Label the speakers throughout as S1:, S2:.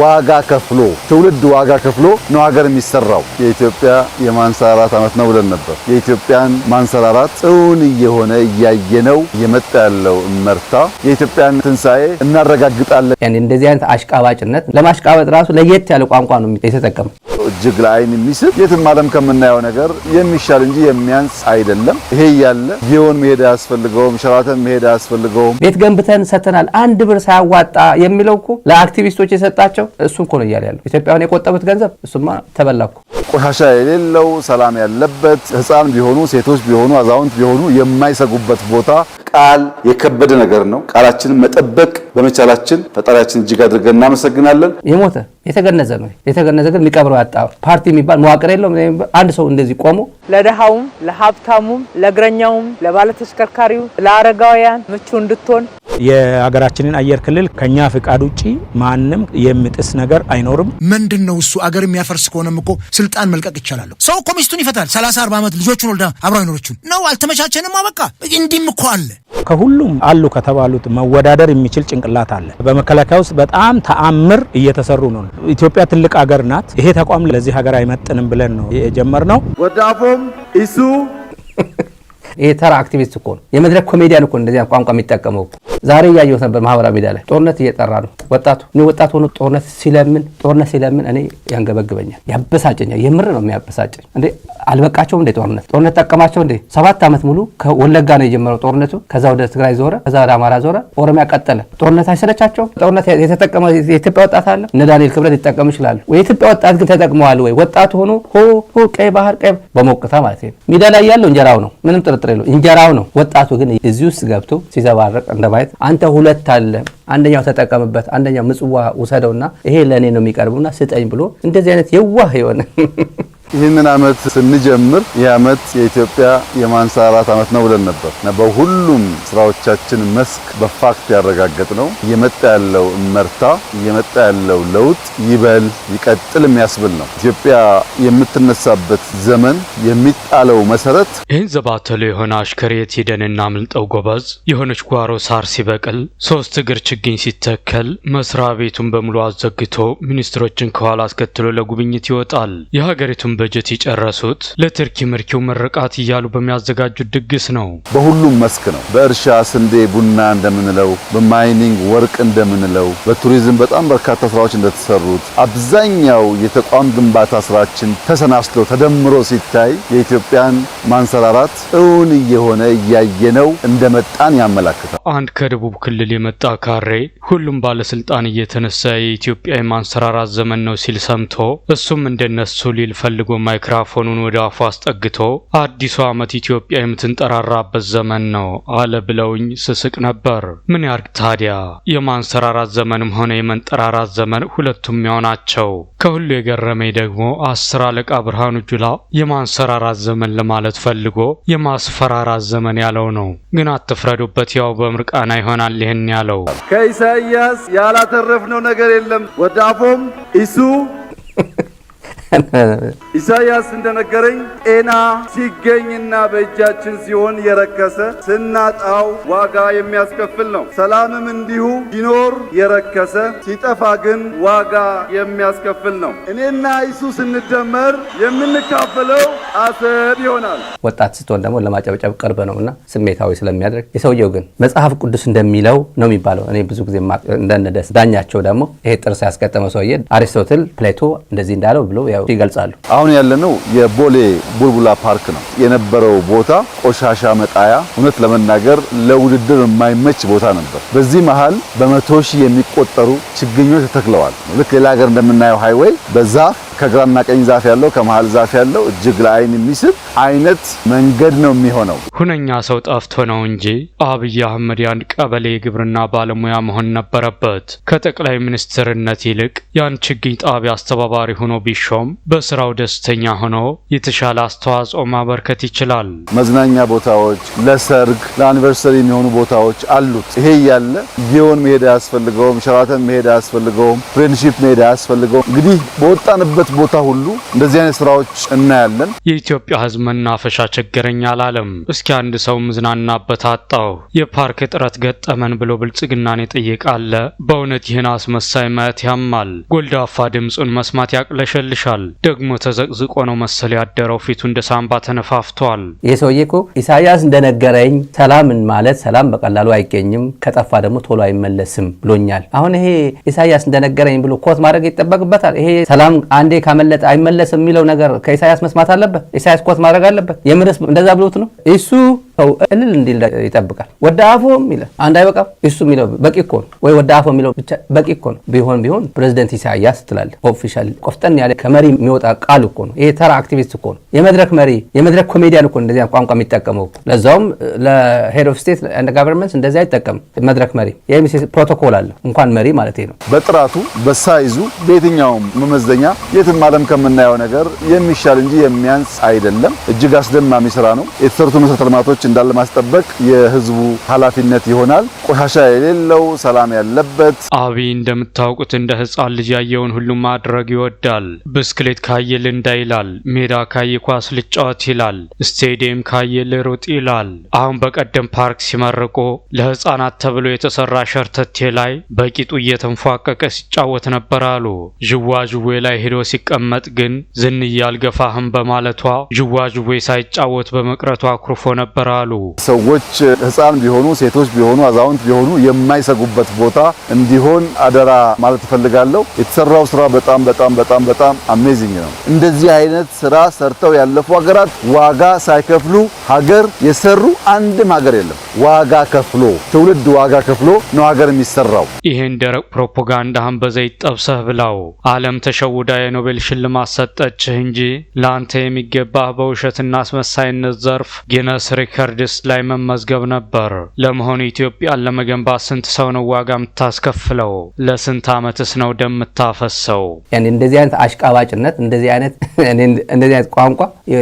S1: ዋጋ ከፍሎ ትውልድ ዋጋ ከፍሎ ነው ሀገር የሚሰራው። የኢትዮጵያ የማንሰራራት ዓመት ነው ብለን ነበር። የኢትዮጵያን ማንሰራራት እውን እየሆነ እያየ ነው እየመጣ ያለው መርታ የኢትዮጵያን ትንሣኤ እናረጋግጣለን።
S2: እንደዚህ አይነት አሽቃባጭነት ለማሽቃበጥ ራሱ ለየት ያለ ቋንቋ ነው የተጠቀመው።
S1: እጅግ ለአይን የሚስብ የትም ዓለም ከምናየው ነገር የሚሻል እንጂ የሚያንስ አይደለም። ይሄ እያለ ጊዮን መሄድ አያስፈልገውም፣ ሸራተን መሄድ አያስፈልገውም።
S2: ቤት ገንብተን ሰተናል፣ አንድ ብር ሳያዋጣ የሚለው እኮ ለአክቲቪስቶች የሰጣቸው እሱ እኮ ነው እያለ ያለው ኢትዮጵያውን የቆጠቡት ገንዘብ እሱማ ተበላኩ።
S1: ቆሻሻ የሌለው ሰላም ያለበት ህፃን ቢሆኑ ሴቶች ቢሆኑ አዛውንት ቢሆኑ የማይሰጉበት ቦታ ቃል የከበደ ነገር ነው። ቃላችንን መጠበቅ በመቻላችን ፈጣሪያችን እጅግ አድርገን እናመሰግናለን።
S2: የሞተ የተገነዘ ነው። የተገነዘ ግን የሚቀብረው ያጣ ፓርቲ የሚባል መዋቅር የለውም። አንድ ሰው እንደዚህ ቆሞ
S3: ለደሃውም፣ ለሀብታሙም፣ ለእግረኛውም፣ ለባለተሽከርካሪው፣ ለአረጋውያን ምቹ እንድትሆን
S4: የሀገራችንን አየር ክልል ከኛ ፍቃድ ውጭ ማንም የሚጥስ ነገር አይኖርም።
S5: ምንድን ነው እሱ? አገር የሚያፈርስ ከሆነም እኮ ስልጣን መልቀቅ ይቻላለሁ። ሰው እኮ ሚስቱን ይፈታል። 30 40 ዓመት ልጆቹን ወልዳ አብረው አይኖሮችን ነው። አልተመቻቸንም። አበቃ እንዲህም እኮ አለ
S2: ከሁሉም አሉ ከተባሉት መወዳደር የሚችል ጭንቅላት አለ። በመከላከያ ውስጥ በጣም ተአምር እየተሰሩ ነው። ኢትዮጵያ ትልቅ ሀገር ናት። ይሄ ተቋም ለዚህ ሀገር አይመጥንም ብለን ነው የጀመርነው።
S1: ወዳፎም እሱ
S2: ይሄ ተራ አክቲቪስት እኮ ነው። የመድረክ ኮሜዲያን እኮ እንደዚህ ቋንቋ የሚጠቀመው ዛሬ እያየሁት ነበር ማህበራዊ ሚዲያ ላይ ጦርነት እየጠራ ነው። ወጣቱ እኔ ወጣት ሆኖ ጦርነት ሲለምን ጦርነት ሲለምን እኔ ያንገበግበኛል፣ ያበሳጨኛል። የምር ነው የሚያበሳጨኝ። እንዴ አልበቃቸውም እንዴ ጦርነት ጦርነት ጠቀማቸው እንዴ? ሰባት ዓመት ሙሉ ከወለጋ ነው የጀመረው ጦርነቱ። ከዛ ወደ ትግራይ ዞረ፣ ከዛ ወደ አማራ ዞረ፣ ኦሮሚያ ቀጠለ። ጦርነት አይሰለቻቸውም? ጦርነት የተጠቀመ የኢትዮጵያ ወጣት አለ? እነ ዳንኤል ክብረት ሊጠቀሙ ይችላሉ። የኢትዮጵያ ወጣት ግን ተጠቅመዋል ወይ? ወጣቱ ሆኖ ሆ ሆ ቀይ ባህር ቀይ በሞቅታ ማለት ነው። ሜዳ ላይ ያለው እንጀራው ነው፣ ምንም ጥርጥር የለው እንጀራው ነው። ወጣቱ ግን እዚህ ውስጥ ገብቶ ሲዘባረቅ እንደማየት አንተ ሁለት አለ፣ አንደኛው ተጠቀምበት አንደኛው ምጽዋ ውሰደውና ይሄ ለእኔ ነው የሚቀርቡና ስጠኝ ብሎ እንደዚህ አይነት የዋህ የሆነ
S1: ይህንን ዓመት ስንጀምር ይህ ዓመት የኢትዮጵያ የማንሰራራት ዓመት ነው ብለን ነበር። በሁሉም ስራዎቻችን መስክ በፋክት ያረጋገጥ ነው እየመጣ ያለው እመርታ እየመጣ ያለው ለውጥ ይበል ይቀጥል የሚያስብል ነው። ኢትዮጵያ የምትነሳበት ዘመን የሚጣለው መሰረት
S6: ይህን ዘባተሉ የሆነ አሽከሬት የት ሂደን እናምልጠው ጎበዝ የሆነች ጓሮ ሳር ሲበቅል ሶስት እግር ችግኝ ሲተከል መስሪያ ቤቱን በሙሉ አዘግቶ ሚኒስትሮችን ከኋላ አስከትሎ ለጉብኝት ይወጣል የሀገሪቱን በጀት የጨረሱት ለትርኪ ምርኪው ምርቃት እያሉ በሚያዘጋጁት ድግስ ነው።
S1: በሁሉም መስክ ነው። በእርሻ ስንዴ፣ ቡና እንደምንለው፣ በማይኒንግ ወርቅ እንደምንለው፣ በቱሪዝም በጣም በርካታ ስራዎች እንደተሰሩት አብዛኛው የተቋም ግንባታ ስራችን ተሰናስሎ ተደምሮ ሲታይ የኢትዮጵያን ማንሰራራት እውን እየሆነ እያየነው እንደመጣን ያመላክታል።
S6: አንድ ከደቡብ ክልል የመጣ ካሬ ሁሉም ባለስልጣን እየተነሳ የኢትዮጵያ የማንሰራራት ዘመን ነው ሲል ሰምቶ እሱም እንደነሱ ሊል ፈልጉ ፈልጎ ማይክራፎኑን ወደ አፉ አስጠግቶ አዲሱ ዓመት ኢትዮጵያ የምትንጠራራበት ዘመን ነው አለ ብለውኝ ስስቅ ነበር። ምን ያርግ ታዲያ የማንሰራራት ዘመንም ሆነ የመንጠራራት ዘመን ሁለቱም ያው ናቸው። ከሁሉ የገረመኝ ደግሞ አስር አለቃ ብርሃኑ ጁላ የማንሰራራት ዘመን ለማለት ፈልጎ የማስፈራራት ዘመን ያለው ነው። ግን አትፍረዱበት፣ ያው በምርቃና ይሆናል ይህን ያለው
S1: ከኢሳይያስ ያላተረፍነው ነገር የለም ወዳፎም ኢሱ ኢሳያስ እንደነገረኝ ጤና ሲገኝና በእጃችን ሲሆን የረከሰ ስናጣው ዋጋ የሚያስከፍል ነው። ሰላምም እንዲሁ ሲኖር የረከሰ ሲጠፋ ግን ዋጋ የሚያስከፍል ነው። እኔና ኢየሱስ ስንደመር የምንካፈለው አስብ ይሆናል።
S2: ወጣት ስትሆን ደግሞ ለማጨብጨብ ቅርብ ነው እና ስሜታዊ ስለሚያደርግ የሰውየው ግን መጽሐፍ ቅዱስ እንደሚለው ነው የሚባለው። እኔ ብዙ ጊዜ እንደነደስ ዳኛቸው ደግሞ ይሄ ጥርስ ያስገጠመው ሰውዬ አሪስቶትል፣ ፕሌቶ እንደዚህ እንዳለው ብሎ ይገልጻሉ።
S1: አሁን ያለነው የቦሌ ቡልቡላ ፓርክ ነው የነበረው ቦታ ቆሻሻ መጣያ፣ እውነት ለመናገር ለውድድር የማይመች ቦታ ነበር። በዚህ መሀል በመቶ ሺህ የሚቆጠሩ ችግኞች ተተክለዋል። ልክ ሌላ ሀገር እንደምናየው ሃይዌይ በዛ። ከግራና ቀኝ ዛፍ ያለው ከመሃል ዛፍ ያለው እጅግ ለአይን የሚስብ አይነት መንገድ ነው የሚሆነው።
S6: ሁነኛ ሰው ጠፍቶ ነው እንጂ አብይ አህመድ የአንድ ቀበሌ የግብርና ባለሙያ መሆን ነበረበት። ከጠቅላይ ሚኒስትርነት ይልቅ የአንድ ችግኝ ጣቢያ አስተባባሪ ሆኖ ቢሾም በስራው ደስተኛ ሆኖ የተሻለ አስተዋጽኦ ማበርከት ይችላል።
S1: መዝናኛ ቦታዎች፣ ለሰርግ ለአኒቨርሰሪ የሚሆኑ ቦታዎች አሉት። ይሄ እያለ ጊዮን መሄድ አያስፈልገውም፣ ሸራተን መሄድ አያስፈልገውም፣ ፍሬንድሺፕ መሄድ አያስፈልገውም። እንግዲህ በወጣንበት ባለንበት ቦታ ሁሉ እንደዚህ አይነት ስራዎች እናያለን።
S6: የኢትዮጵያ ሕዝብ መናፈሻ ችግረኛ አላለም። እስኪ አንድ ሰው ምዝናናበት አጣው የፓርክ እጥረት ገጠመን ብሎ ብልጽግናን የጠየቀ አለ። በእውነት ይህን አስመሳይ ማየት ያማል። ጎልዳፋ ድምፁን መስማት ያቅለሸልሻል። ደግሞ ተዘቅዝቆ ነው መሰል ያደረው። ፊቱ እንደ ሳምባ ተነፋፍቷል።
S2: ይህ ሰውዬ እኮ ኢሳያስ እንደነገረኝ ሰላምን ማለት ሰላም በቀላሉ አይገኝም፣ ከጠፋ ደግሞ ቶሎ አይመለስም ብሎኛል። አሁን ይሄ ኢሳያስ እንደነገረኝ ብሎ ኮት ማድረግ ይጠበቅበታል። ይሄ ሰላም አንድ አንዴ ካመለጠ አይመለስም የሚለው ነገር ከኢሳያስ መስማት አለበት። ኢሳያስ ኮት ማድረግ አለበት። የምርስ እንደዛ ብሎት ነው እሱ ሰው እልል እንዲል ይጠብቃል። ወደ አፎም ይላል አንድ አይበቃም። እሱ የሚለው በቂ እኮ ነው ወይ ወደ አፎ የሚለው ብቻ በቂ እኮ ነው። ቢሆን ቢሆን ፕሬዚደንት ኢሳያስ ትላለ። ኦፊሻል ቆፍጠን ያለ ከመሪ የሚወጣ ቃል እኮ ነው። ይሄ ተራ አክቲቪስት እኮ ነው። የመድረክ መሪ የመድረክ ኮሜዲያን እኮ እንደዚያ ቋንቋ የሚጠቀመው ለዛውም፣ ለሄድ ኦፍ ስቴት እንደ ጋቨርንመንት እንደዚህ አይጠቀም መድረክ መሪ። ይህም ፕሮቶኮል አለ እንኳን መሪ ማለት ነው።
S1: በጥራቱ በሳይዙ በየትኛውም መመዘኛ የትም ዓለም ከምናየው ነገር የሚሻል እንጂ የሚያንስ አይደለም። እጅግ አስደማሚ ስራ ነው። የተሰሩት መሰረተ ልማቶች እንዳለ እንዳለማስጠበቅ የህዝቡ ኃላፊነት ይሆናል። ቆሻሻ የሌለው ሰላም ያለበት
S6: አብይ እንደምታውቁት እንደ ህፃን ልጅ ያየውን ሁሉ ማድረግ ይወዳል። ብስክሌት ካየ ልንዳ ይላል። ሜዳ ካየ ኳስ ልጫወት ይላል። ስቴዲየም ካየ ልሩጥ ይላል። አሁን በቀደም ፓርክ ሲመርቆ ለህፃናት ተብሎ የተሰራ ሸርተቴ ላይ በቂጡ እየተንፏቀቀ ሲጫወት ነበር አሉ። ዥዋዥዌ ላይ ሄዶ ሲቀመጥ ግን ዝንዬ አልገፋህም በማለቷ ዥዋዥዌ ሳይጫወት በመቅረቷ አኩርፎ ነበር ይሰራሉ።
S1: ሰዎች ህፃን ቢሆኑ፣ ሴቶች ቢሆኑ፣ አዛውንት ቢሆኑ የማይሰጉበት ቦታ እንዲሆን አደራ ማለት እፈልጋለሁ። የተሰራው ስራ በጣም በጣም በጣም በጣም አሜዚንግ ነው። እንደዚህ አይነት ስራ ሰርተው ያለፉ ሀገራት ዋጋ ሳይከፍሉ ሀገር የሰሩ አንድም ሀገር የለም። ዋጋ ከፍሎ ትውልድ ዋጋ ከፍሎ ነው ሀገር የሚሰራው።
S6: ይህን ደረቅ ፕሮፓጋንዳህን በዘይት ጠብሰህ ብላው። ዓለም ተሸውዳ የኖቤል ሽልማት ሰጠችህ እንጂ ለአንተ የሚገባህ በውሸትና አስመሳይነት ዘርፍ ጊነስ ሪከርድ ከርድስ ላይ መመዝገብ ነበር። ለመሆኑ ኢትዮጵያን ለመገንባት ስንት ሰው ነው ዋጋ የምታስከፍለው? ለስንት ዓመትስ ነው ደም የምታፈሰው?
S2: እንደዚህ አይነት አሽቃባጭነት፣ እንደዚህ አይነት እንደዚህ አይነት ቋንቋ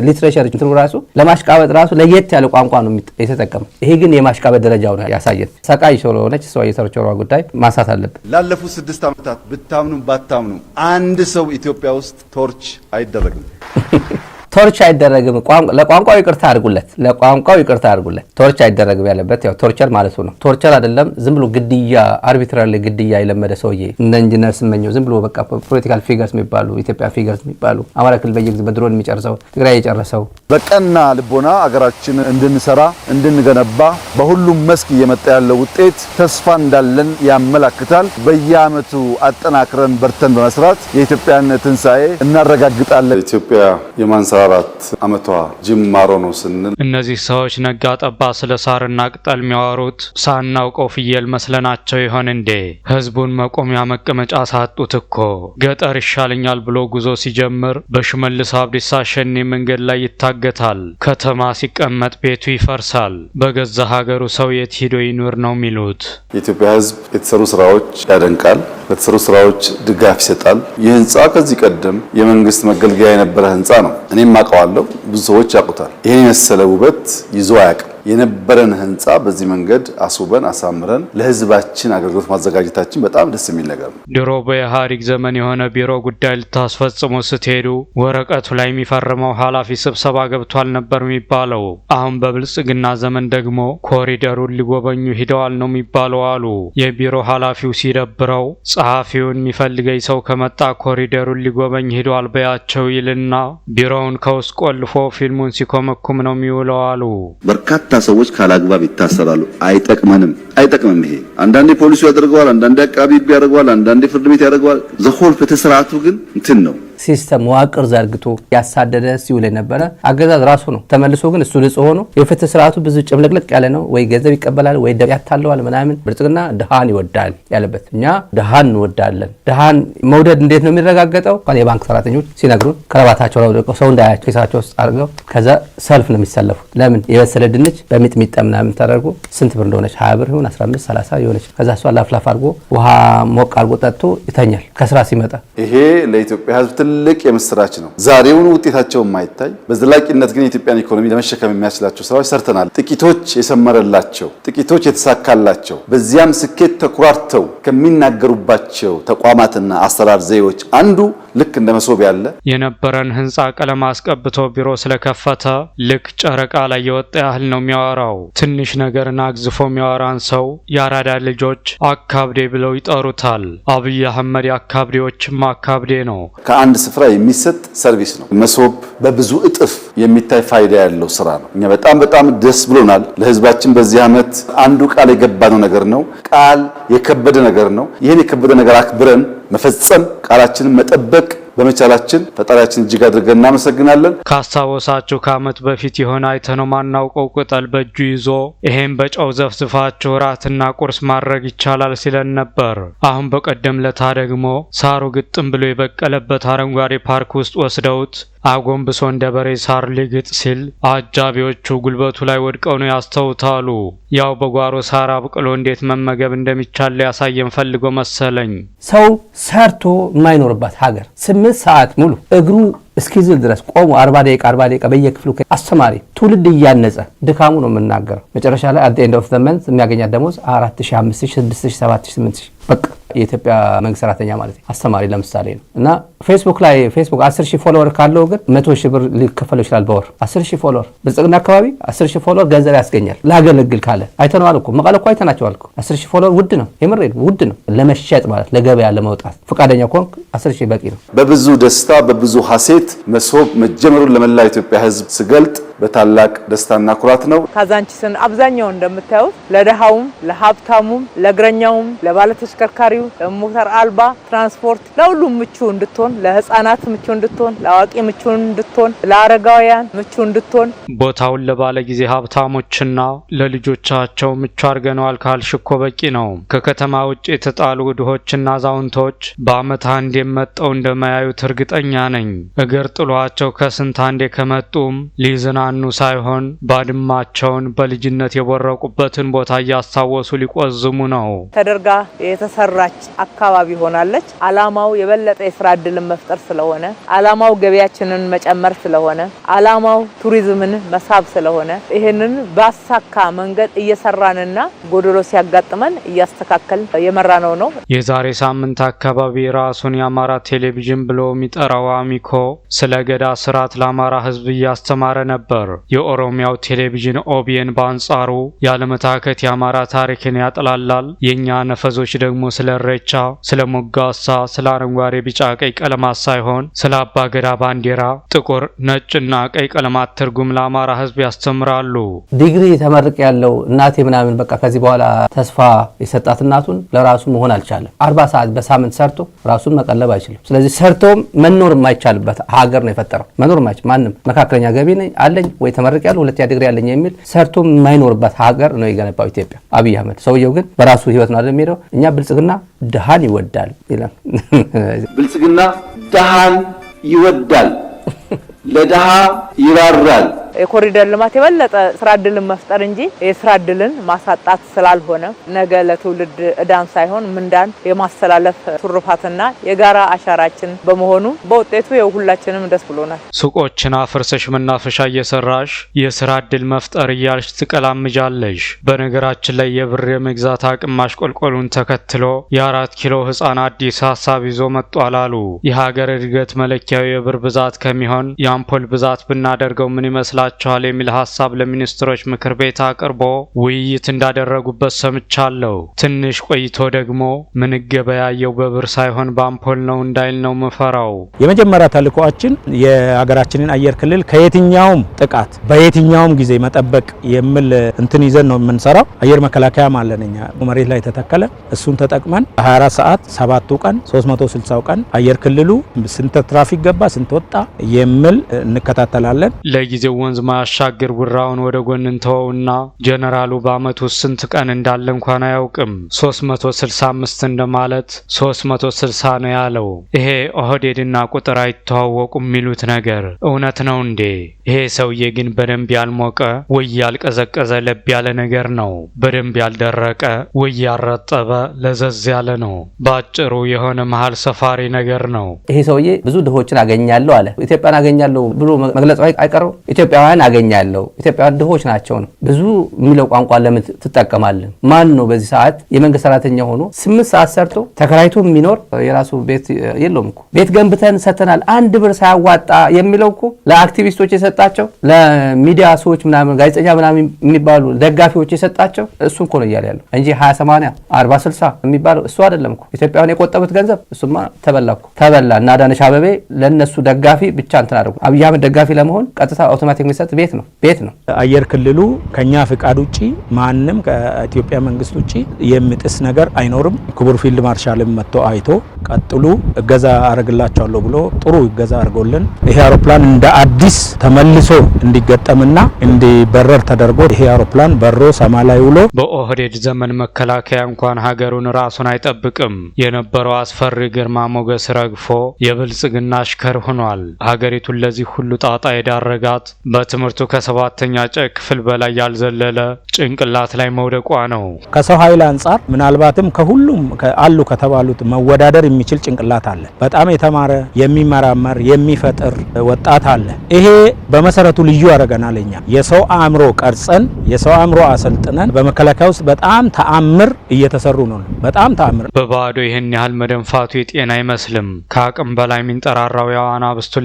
S2: ሊትሬቸር እንትኑ ራሱ ለማሽቃበጥ ራሱ ለየት ያለ ቋንቋ ነው የተጠቀመ። ይሄ ግን የማሽቃበጥ ደረጃው ነው ያሳየን። ሰቃይ ስለሆነች ሰው የሰረቸሯ ጉዳይ ማንሳት አለብን።
S1: ላለፉት ስድስት ዓመታት ብታምኑም ባታምኑም አንድ ሰው ኢትዮጵያ ውስጥ ቶርች አይደረግም።
S2: ቶርች አይደረግም። ለቋንቋው ይቅርታ አድርጉለት፣ ለቋንቋው ይቅርታ አድርጉለት። ቶርች አይደረግም ያለበት ያው ቶርቸር ማለቱ ነው። ቶርቸር አይደለም ዝም ብሎ ግድያ፣ አርቢትራሪ ግድያ የለመደ ሰውዬ እንደ ኢንጂነር ስመኘው ዝም ብሎ በቃ ፖለቲካል ፊገርስ የሚባሉ ኢትዮጵያ ፊገርስ የሚባሉ አማራ ክልል በየጊዜ በድሮን የሚጨርሰው ትግራይ የጨረሰው
S1: በቀና ልቦና አገራችን እንድንሰራ እንድንገነባ በሁሉም መስክ እየመጣ ያለው ውጤት ተስፋ እንዳለን ያመላክታል። በየአመቱ አጠናክረን በርተን በመስራት የኢትዮጵያን ትንሣኤ እናረጋግጣለን። ኢትዮጵያ የማንሰራ 14 ዓመቷ ጅማሮ ነው ስንል
S6: እነዚህ ሰዎች ነጋ ጠባ ስለ ሳርና ቅጠል የሚያወሩት ሳናውቀው ፍየል መስለናቸው ይሆን እንዴ? ህዝቡን መቆሚያ መቀመጫ ሳጡት እኮ። ገጠር ይሻለኛል ብሎ ጉዞ ሲጀምር በሽመልስ አብዲሳ ሸኔ መንገድ ላይ ይታገታል። ከተማ ሲቀመጥ ቤቱ ይፈርሳል። በገዛ ሀገሩ ሰው የት ሂዶ ይኑር ነው የሚሉት።
S1: የኢትዮጵያ ህዝብ የተሰሩ ስራዎች ያደንቃል፣ ለተሰሩ ስራዎች ድጋፍ ይሰጣል። ይህ ህንፃ ከዚህ ቀደም የመንግስት መገልገያ የነበረ ህንፃ ነው። እኔም እኔም አውቀዋለሁ፣ ብዙ ሰዎች ያውቁታል። የመሰለ ውበት ይዞ አያውቅም። የነበረን ህንፃ በዚህ መንገድ አስውበን አሳምረን ለህዝባችን አገልግሎት ማዘጋጀታችን በጣም ደስ የሚል ነገር ነው።
S6: ድሮ በኢህአዴግ ዘመን የሆነ ቢሮ ጉዳይ ልታስፈጽሙ ስትሄዱ ወረቀቱ ላይ የሚፈርመው ኃላፊ ስብሰባ ገብቷል ነበር የሚባለው። አሁን በብልጽግና ዘመን ደግሞ ኮሪደሩን ሊጎበኙ ሂደዋል ነው የሚባለው አሉ። የቢሮ ኃላፊው ሲደብረው ጸሐፊውን የሚፈልገኝ ሰው ከመጣ ኮሪደሩን ሊጎበኝ ሂደዋል በያቸው ይልና ቢሮውን ከውስጥ ቆልፎ ፊልሙን ሲኮመኩም ነው የሚውለው አሉ።
S1: በርካታ በርካታ ሰዎች ካላግባብ ይታሰራሉ። አይጠቅመንም፣ አይጠቅምም። ይሄ አንዳንዴ ፖሊሱ ያደርገዋል፣ አንዳንዴ አቃቢ ሕግ ያደርገዋል፣ አንዳንዴ ፍርድ ቤት ያደርገዋል። ዘሆል ፍትህ ስርዓቱ ግን እንትን ነው
S2: ሲስተም መዋቅር ዘርግቶ ያሳደደ ሲውል የነበረ አገዛዝ ራሱ ነው። ተመልሶ ግን እሱ ንጹህ ሆኖ የፍትህ ስርዓቱ ብዙ ጭምልቅልቅ ያለ ነው። ወይ ገንዘብ ይቀበላል፣ ወይ ደብ ያታለዋል ምናምን። ብልጽግና ድሃን ይወዳል ያለበት እኛ ድሃን እንወዳለን። ድሃን መውደድ እንዴት ነው የሚረጋገጠው? የባንክ ሰራተኞች ሲነግሩን ከረባታቸው ሰው እንዳያቸው ሳቸው ውስጥ አድርገው ከዛ ሰልፍ ነው የሚሰለፉት። ለምን የበሰለ ድንች በሚጥሚጣ ምናምን ተደርጎ ስንት ብር እንደሆነች ሀያ ብር ሆን 15 30 የሆነች ከዛ እሷ ላፍላፍ አድርጎ ውሃ ሞቅ አድርጎ ጠጥቶ ይተኛል ከስራ ሲመጣ።
S1: ይሄ ለኢትዮጵያ ሕዝብ ትልቅ የምስራች ነው። ዛሬውን ውጤታቸው የማይታይ በዘላቂነት ግን የኢትዮጵያን ኢኮኖሚ ለመሸከም የሚያስችላቸው ስራዎች ሰርተናል። ጥቂቶች የሰመረላቸው፣ ጥቂቶች የተሳካላቸው በዚያም ስኬት ተኩራርተው ከሚናገሩባቸው ተቋማትና አሰራር ዘዴዎች አንዱ ልክ እንደ መሶብ ያለ
S6: የነበረን ህንፃ ቀለም አስቀብቶ ቢሮ ስለከፈተ ልክ ጨረቃ ላይ የወጣ ያህል ነው። የሚያወራው። ትንሽ ነገርን አግዝፎ የሚያወራን ሰው የአራዳ ልጆች አካብዴ ብለው ይጠሩታል። አብይ አህመድ የአካብዴዎችም አካብዴ ነው።
S1: ከአንድ ስፍራ የሚሰጥ ሰርቪስ ነው። መሶብ በብዙ እጥፍ የሚታይ ፋይዳ ያለው ስራ ነው። እኛ በጣም በጣም ደስ ብሎናል። ለህዝባችን በዚህ ዓመት አንዱ ቃል የገባነው ነገር ነው። ቃል የከበደ ነገር ነው። ይህን የከበደ ነገር አክብረን መፈጸም ቃላችንን መጠበቅ በመቻላችን ፈጣሪያችን እጅግ አድርገን እናመሰግናለን።
S6: ካስታወሳችሁ ከዓመት በፊት የሆነ አይተነው ማናውቀው ቅጠል በእጁ ይዞ ይሄም በጨው ዘፍዝፋችሁ ራትና ቁርስ ማድረግ ይቻላል ሲለን ነበር። አሁን በቀደም ለታ ደግሞ ሳሩ ግጥም ብሎ የበቀለበት አረንጓዴ ፓርክ ውስጥ ወስደውት አጎንብሶ እንደ በሬ ሳር ሊግጥ ሲል አጃቢዎቹ ጉልበቱ ላይ ወድቀው ነው ያስተውታሉ። ያው በጓሮ ሳር አብቅሎ እንዴት መመገብ እንደሚቻል ሊያሳየን ፈልጎ መሰለኝ።
S2: ሰው ሰርቶ የማይኖርባት ሀገር ስምንት ሰዓት ሙሉ እግሩ እስኪዝል ድረስ ቆሞ አርባ ደቂቃ አርባ ደቂቃ በየክፍሉ አስተማሪ ትውልድ እያነጸ ድካሙ ነው የምናገረው። መጨረሻ ላይ አት ኤንድ ኦፍ ዘ የሚያገኛት ደሞዝ አራት ሺ አምስት ሺ ስድስት ሺ ሰባት ሺ ስምንት ሺ በቃ የኢትዮጵያ መንግስት ሰራተኛ ማለት አስተማሪ ለምሳሌ ነው እና ፌስቡክ ላይ ፌስቡክ 10 ሺህ ፎሎወር ካለው ግን መቶ ሺህ ብር ሊከፈለው ይችላል በወር 10 ሺህ ፎሎወር ብልጽግና አካባቢ 10 ሺህ ፎሎወር ገንዘብ ያስገኛል ላገለግል ካለ አይተነዋል እኮ መቀለ እኮ አይተናቸዋል እኮ 10 ሺህ ፎሎወር ውድ ነው የምሬ ውድ ነው ለመሸጥ ማለት ለገበያ ለመውጣት ፈቃደኛ ከሆንክ 10 ሺህ በቂ ነው
S1: በብዙ ደስታ በብዙ ሀሴት መሶብ መጀመሩን ለመላ ኢትዮጵያ ህዝብ ስገልጥ በታላቅ ደስታና ኩራት ነው።
S3: ካዛንቺስን አብዛኛው እንደምታዩት ለደሃውም፣ ለሀብታሙም፣ ለእግረኛውም፣ ለባለተሽከርካሪው፣ ለሞተር አልባ ትራንስፖርት ለሁሉም ምቹ እንድትሆን፣ ለህፃናት ምቹ እንድትሆን፣ ለአዋቂ ምቹ እንድትሆን፣ ለአረጋውያን ምቹ እንድትሆን
S6: ቦታውን ለባለጊዜ ሀብታሞችና ለልጆቻቸው ምቹ አድርገነዋል ካልሽ እኮ በቂ ነው። ከከተማ ውጭ የተጣሉ ድሆችና አዛውንቶች በአመት አንዴ መጠው እንደማያዩት እርግጠኛ ነኝ። እግር ጥሏቸው ከስንት አንዴ ከመጡም ሊዝና እየተጽናኑ ሳይሆን ባድማቸውን በልጅነት የቦረቁበትን ቦታ እያስታወሱ ሊቆዝሙ ነው።
S3: ተደርጋ የተሰራች አካባቢ ሆናለች። አላማው የበለጠ የስራ እድልን መፍጠር ስለሆነ፣ አላማው ገቢያችንን መጨመር ስለሆነ፣ አላማው ቱሪዝምን መሳብ ስለሆነ ይህንን ባሳካ መንገድ እየሰራንና ጎደሎ ሲያጋጥመን እያስተካከል የመራ ነው ነው።
S6: የዛሬ ሳምንት አካባቢ ራሱን የአማራ ቴሌቪዥን ብሎ የሚጠራው አሚኮ ስለ ገዳ ስርዓት ለአማራ ህዝብ እያስተማረ ነበር። ነበር። የኦሮሚያው ቴሌቪዥን ኦቢኤን በአንጻሩ ያለመታከት የአማራ ታሪክን ያጠላላል፣ የእኛ ነፈዞች ደግሞ ስለ እሬቻ፣ ስለ ሞጋሳ፣ ስለ አረንጓዴ፣ ቢጫ፣ ቀይ ቀለማት ሳይሆን ስለ አባገዳ ባንዲራ ጥቁር፣ ነጭና ቀይ ቀለማት ትርጉም ለአማራ ህዝብ ያስተምራሉ።
S2: ዲግሪ ተመርቅ ያለው እናቴ ምናምን በቃ ከዚህ በኋላ ተስፋ የሰጣት እናቱን ለራሱ መሆን አልቻለም። አርባ ሰዓት በሳምንት ሰርቶ ራሱን መቀለብ አይችልም። ስለዚህ ሰርቶም መኖር የማይቻልበት ሀገር ነው የፈጠረው። መኖር ማንም መካከለኛ ገቢ ነኝ አለ አለኝ ወይ ተመርቅ ያለ ሁለተኛ ዲግሪ አለኝ የሚል ሰርቶ የማይኖርበት ሀገር ነው የገነባው ኢትዮጵያ አብይ አህመድ። ሰውየው ግን በራሱ ህይወት ነው አይደል የሚሄደው። እኛ ብልጽግና ድሃን ይወዳል ይላል።
S1: ብልጽግና ድሃን ይወዳል፣ ለድሃ ይራራል
S3: የኮሪደር ልማት የበለጠ ስራ እድልን መፍጠር እንጂ የስራ እድልን ማሳጣት ስላልሆነ ነገ ለትውልድ እዳን ሳይሆን ምንዳን የማስተላለፍ ትሩፋትና የጋራ አሻራችን በመሆኑ በውጤቱ የሁላችንም ደስ ብሎናል።
S6: ሱቆችን አፍርሰሽ መናፈሻ እየሰራሽ የስራ እድል መፍጠር እያልሽ ትቀላምጃለሽ። በነገራችን ላይ የብር የመግዛት አቅም ማሽቆልቆሉን ተከትሎ የአራት ኪሎ ህጻን አዲስ ሀሳብ ይዞ መጧል አሉ። የሀገር እድገት መለኪያው የብር ብዛት ከሚሆን የአምፖል ብዛት ብናደርገው ምን ይመስላል? ይሆንላቸዋል የሚል ሀሳብ ለሚኒስትሮች ምክር ቤት አቅርቦ ውይይት እንዳደረጉበት ሰምቻለሁ። ትንሽ ቆይቶ ደግሞ ምንገበያየው በብር ሳይሆን በአምፖል ነው እንዳይል ነው ምፈራው።
S2: የመጀመሪያ ተልእኮአችን የሀገራችንን አየር ክልል ከየትኛውም ጥቃት በየትኛውም ጊዜ መጠበቅ የሚል እንትን ይዘን ነው የምንሰራው። አየር መከላከያም አለን እኛ መሬት ላይ ተተከለ እሱን ተጠቅመን 24 ሰዓት ሰባቱ ቀን 360 ቀን አየር ክልሉ ስንት ትራፊክ ገባ ስንት ወጣ የሚል እንከታተላለን።
S6: ለጊዜው ወንዝ ማያሻግር ውራውን ወደ ጎን እንተወውና ጀነራሉ በአመቱ ስንት ቀን እንዳለ እንኳን አያውቅም። 365 እንደማለት 360 ነው ያለው። ይሄ ኦህዴድና ቁጥር አይተዋወቁም የሚሉት ነገር እውነት ነው እንዴ? ይሄ ሰውዬ ግን በደንብ ያልሞቀ ወይ ያልቀዘቀዘ ለብ ያለ ነገር ነው። በደንብ ያልደረቀ ወይ ያልረጠበ ለዘዝ ያለ ነው። በአጭሩ የሆነ መሀል ሰፋሪ ነገር ነው።
S2: ይሄ ሰውዬ ብዙ ድሆችን አገኛለሁ አለ። ኢትዮጵያን አገኛለሁ ብሎ መግለጹ አይቀረው ኢትዮጵያ ኢትዮጵያውያን አገኛለሁ። ኢትዮጵያውያን ድሆች ናቸው ነው ብዙ የሚለው ቋንቋ ለምን ትጠቀማለን? ማን ነው በዚህ ሰዓት የመንግስት ሰራተኛ ሆኖ ስምንት ሰዓት ሰርቶ ተከራይቶ የሚኖር የራሱ ቤት የለውም እኮ ቤት ገንብተን ሰተናል አንድ ብር ሳያዋጣ የሚለው እኮ ለአክቲቪስቶች የሰጣቸው ለሚዲያ ሰዎች ምናምን ጋዜጠኛ ምናምን የሚባሉ ደጋፊዎች የሰጣቸው እሱ እኮ ነው እያለ ያለው እንጂ 28 አርባ ስልሳ የሚባለው እሱ አይደለም እኮ ኢትዮጵያውያን የቆጠቡት ገንዘብ እሱማ ተበላ እኮ ተበላ እና አዳነች አበቤ ለእነሱ ደጋፊ ብቻ እንትን አድርጉ አብይ አህመድ ደጋፊ ለመሆን ቀጥታ አውቶማቲክ የሚሰጥ ቤት ነው ቤት ነው።
S4: አየር ክልሉ ከኛ ፍቃድ ውጭ ማንም ከኢትዮጵያ መንግስት ውጭ የሚጥስ ነገር አይኖርም። ክቡር ፊልድ ማርሻልም መጥቶ አይቶ ቀጥሉ እገዛ አረግላቸዋለሁ ብሎ ጥሩ እገዛ አድርጎልን ይሄ አውሮፕላን እንደ አዲስ ተመልሶ እንዲገጠምና እንዲበረር ተደርጎ ይሄ አውሮፕላን በሮ ሰማ ላይ ውሎ
S6: በኦህዴድ ዘመን መከላከያ እንኳን ሀገሩን ራሱን አይጠብቅም የነበረው አስፈሪ ግርማ ሞገስ ረግፎ የብልጽግና አሽከር ሆኗል። ሀገሪቱን ለዚህ ሁሉ ጣጣ የዳረጋት በትምህርቱ ከሰባተኛ ጨ ክፍል በላይ ያልዘለለ ጭንቅላት ላይ መውደቋ ነው።
S2: ከሰው ኃይል አንጻር ምናልባትም ከሁሉም አሉ ከተባሉት መወዳደር የሚችል ጭንቅላት አለ። በጣም የተማረ የሚመራመር የሚፈጥር ወጣት አለ። ይሄ በመሰረቱ ልዩ ያደረገናል። እኛ የሰው አእምሮ ቀርጸን የሰው አእምሮ አሰልጥነን በመከላከያ ውስጥ በጣም ተአምር እየተሰሩ ነው። በጣም ተአምር።
S6: በባዶ ይህን ያህል መደንፋቱ የጤና አይመስልም። ከአቅም በላይ የሚንጠራራው ያው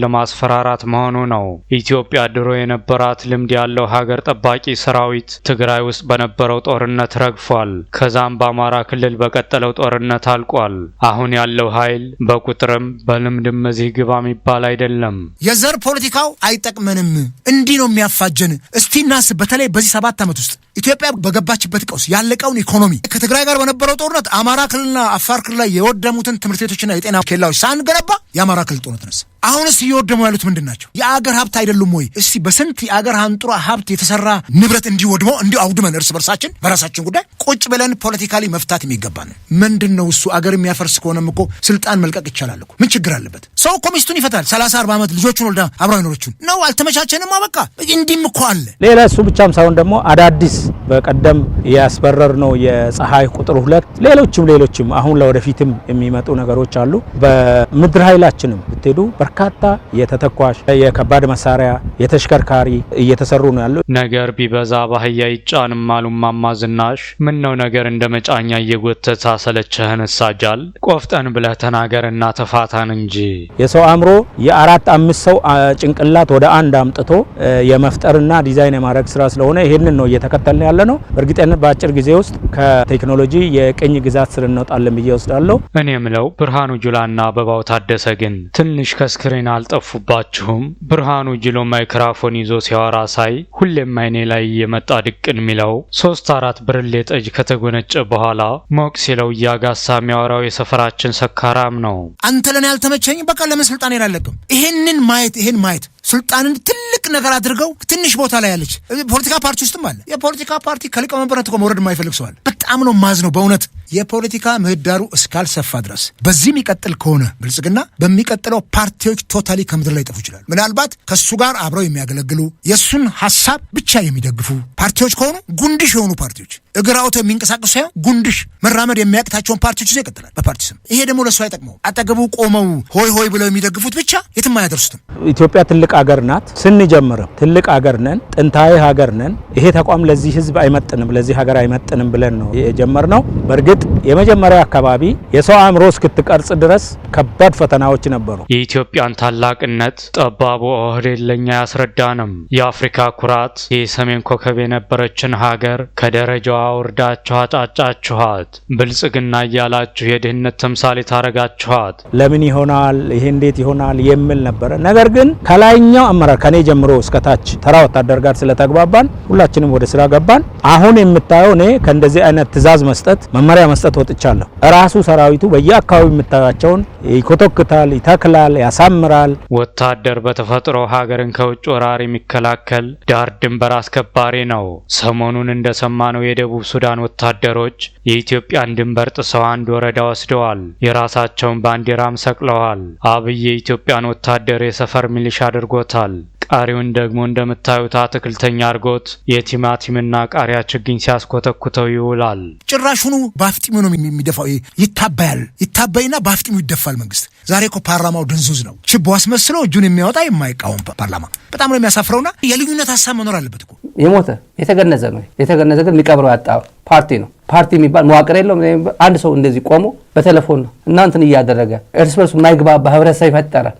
S6: ለማስፈራራት መሆኑ ነው። ኢትዮጵያ ድሮ የነበራት ልምድ ያለው ሀገር ጠባቂ ሰራዊት ትግራይ ውስጥ በነበረው ጦርነት ረግፏል። ከዛም በአማራ ክልል በቀጠለው ጦርነት አልቋል። አሁን ያለው ኃይል በቁጥርም በልምድም እዚህ ግባ የሚባል አይደለም።
S5: የዘር ፖለቲካው አይጠቅመንም። እንዲህ ነው የሚያፋጀን። እስቲ እናስብ። በተለይ በዚህ ሰባት ዓመት ውስጥ ኢትዮጵያ በገባችበት ቀውስ ያለቀውን ኢኮኖሚ ከትግራይ ጋር በነበረው ጦርነት አማራ ክልልና አፋር ክልል ላይ የወደሙትን ትምህርት ቤቶችና የጤና ኬላዎች ሳንገነባ የአማራ ክልል ጦርነት ነሳ። አሁንስ እየወደሙ ያሉት ምንድን ናቸው? የአገር ሀብት አይደሉም ወይ? እስቲ በስንት የአገር አንጡራ ሀብት የተሰራ ንብረት እንዲወድሞ እንዲሁ አውድመን እርስ በርሳችን በራሳችን ጉዳይ ቁጭ ብለን ፖለቲካሊ መፍታት የሚገባን ምንድን ነው እሱ? አገር የሚያፈርስ ከሆነም እኮ ስልጣን መልቀቅ ይቻላል እኮ ምን ችግር አለበት? ሰው እኮ ሚስቱን ይፈታል። ሰላሳ አርባ ዓመት ልጆቹን ወልዳ አብራ ይኖሮችን ነው። አልተመቻቸንም፣ በቃ እንዲህም እኮ አለ
S2: ሌላ እሱ ብቻም ሳይሆን ደግሞ አዳዲስ በቀደም ያስበረር ነው የፀሐይ ቁጥር ሁለት ሌሎችም ሌሎችም አሁን ለወደፊትም የሚመጡ ነገሮች አሉ። በምድር ኃይላችንም ብትሄዱ በርካታ የተተኳሽ የከባድ መሳሪያ የተሽከርካሪ እየተሰሩ ነው ያሉ።
S6: ነገር ቢበዛ ባህያ ይጫንም አሉ እማማ ዝናሽ። ምን ነው ነገር እንደ መጫኛ እየጎተተ አሰለቸህን? እሳጃል ቆፍጠን ብለህ ተናገር እና ተፋታን እንጂ
S2: የሰው አእምሮ የአራት አምስት ሰው ጭንቅላት ወደ አንድ አምጥቶ የመፍጠርና ዲዛይን የማድረግ ስራ ስለሆነ ይህንን ነው እየተከተለ እየተከታተልን ያለ ነው። በእርግጠኝነት በአጭር ጊዜ ውስጥ ከቴክኖሎጂ የቅኝ ግዛት ስር እንወጣለን ብዬ ወስዳለሁ።
S6: እኔ የምለው ብርሃኑ ጁላና አበባው ታደሰ ግን ትንሽ ከስክሪን አልጠፉባችሁም? ብርሃኑ ጅሎ ማይክራፎን ይዞ ሲያወራ ሳይ ሁሌም አይኔ ላይ የመጣ ድቅን የሚለው ሶስት አራት ብርሌ ጠጅ ከተጎነጨ በኋላ ሞቅ ሲለው እያጋሳ የሚያወራው የሰፈራችን ሰካራም ነው።
S2: አንተ ለኔ ያልተመቸኝ በቃ ለምን ስልጣን ይላለቅም ይሄንን ማየት ይሄን ማየት ስልጣንን ትልቅ ነገር አድርገው ትንሽ ቦታ ላይ ያለች ፖለቲካ ፓርቲ ውስጥም አለ። የፖለቲካ ፓርቲ ከሊቀመንበርነት እኮ መውረድ የማይፈልግ ሰዋል። በጣም ነው ማዝ ነው በእውነት የፖለቲካ ምህዳሩ እስካልሰፋ ድረስ በዚህ የሚቀጥል ከሆነ ብልጽግና በሚቀጥለው ፓርቲዎች ቶታሊ ከምድር ላይ ይጠፉ ይችላሉ። ምናልባት ከእሱ ጋር አብረው የሚያገለግሉ የእሱን ሀሳብ ብቻ የሚደግፉ ፓርቲዎች ከሆኑ ጉንድሽ የሆኑ ፓርቲዎች እግር አውቶ የሚንቀሳቀሱ ሳይሆን ጉንድሽ መራመድ የሚያቅታቸውን ፓርቲዎች ይዞ ይቀጥላል በፓርቲ ስም። ይሄ ደግሞ ለእሱ አይጠቅመው። አጠገቡ ቆመው ሆይ ሆይ ብለው የሚደግፉት ብቻ የትም አያደርሱትም። ኢትዮጵያ ትልቅ ሀገር ናት። ስንጀምርም ትልቅ ሀገር ነን፣ ጥንታዊ ሀገር ነን። ይሄ ተቋም ለዚህ ህዝብ አይመጥንም፣ ለዚህ ሀገር አይመጥንም ብለን ነው የጀመርነው በእርግጥ ስትመረጥ የመጀመሪያው አካባቢ የሰው አእምሮ እስክትቀርጽ ድረስ ከባድ ፈተናዎች ነበሩ።
S6: የኢትዮጵያን ታላቅነት ጠባቡ ኦህዴድ ለኛ አያስረዳንም። የአፍሪካ ኩራት የሰሜን ኮከብ የነበረችን ሀገር ከደረጃዋ አውርዳችሁ አጫጫችኋት። ብልጽግና እያላችሁ የድህነት ተምሳሌ ታረጋችኋት።
S2: ለምን ይሆናል ይሄ እንዴት ይሆናል የሚል ነበረ። ነገር ግን ከላይኛው አመራር ከኔ ጀምሮ እስከታች ተራ ወታደር ጋር ስለተግባባን ሁላችንም ወደ ስራ ገባን። አሁን የምታየው እኔ ከእንደዚህ አይነት ትዕዛዝ መስጠት መመሪያ መስጠት ወጥቻለሁ። ራሱ ሰራዊቱ በየአካባቢው የምታያቸውን ይኮተክታል፣ ይተክላል፣ ያሳምራል።
S6: ወታደር በተፈጥሮ ሀገርን ከውጭ ወራር የሚከላከል ዳር ድንበር አስከባሪ ነው። ሰሞኑን እንደሰማነው የደቡብ ሱዳን ወታደሮች የኢትዮጵያን ድንበር ጥሰው አንድ ወረዳ ወስደዋል። የራሳቸውን ባንዲራም ሰቅለዋል። አብይ የኢትዮጵያን ወታደር የሰፈር ሚሊሻ አድርጎታል። ቃሪውን ደግሞ እንደምታዩት አትክልተኛ አድርጎት የቲማቲምና ቃሪያ ችግኝ ሲያስኮተኩተው ይውላል።
S5: ጭራሹኑ በአፍጢሙ ነው የሚደፋው። ይታባያል። ይታበይና በአፍጢሙ ይደፋል። መንግስት ዛሬ እኮ ፓርላማው ድንዙዝ ነው። ችቦ አስመስሎ እጁን የሚያወጣ የማይቃወም ፓርላማ በጣም ነው የሚያሳፍረውና የልዩነት ሀሳብ መኖር አለበት እኮ
S2: የሞተ የተገነዘ ነው። የተገነዘ ግን የሚቀብረው ያጣ ፓርቲ ነው። ፓርቲ የሚባል መዋቅር የለውም። አንድ ሰው እንደዚህ ቆሞ በቴሌፎን እናንትን እያደረገ እርስ በርሱ የማይግባባ ህብረተሰብ ይፈጠራል።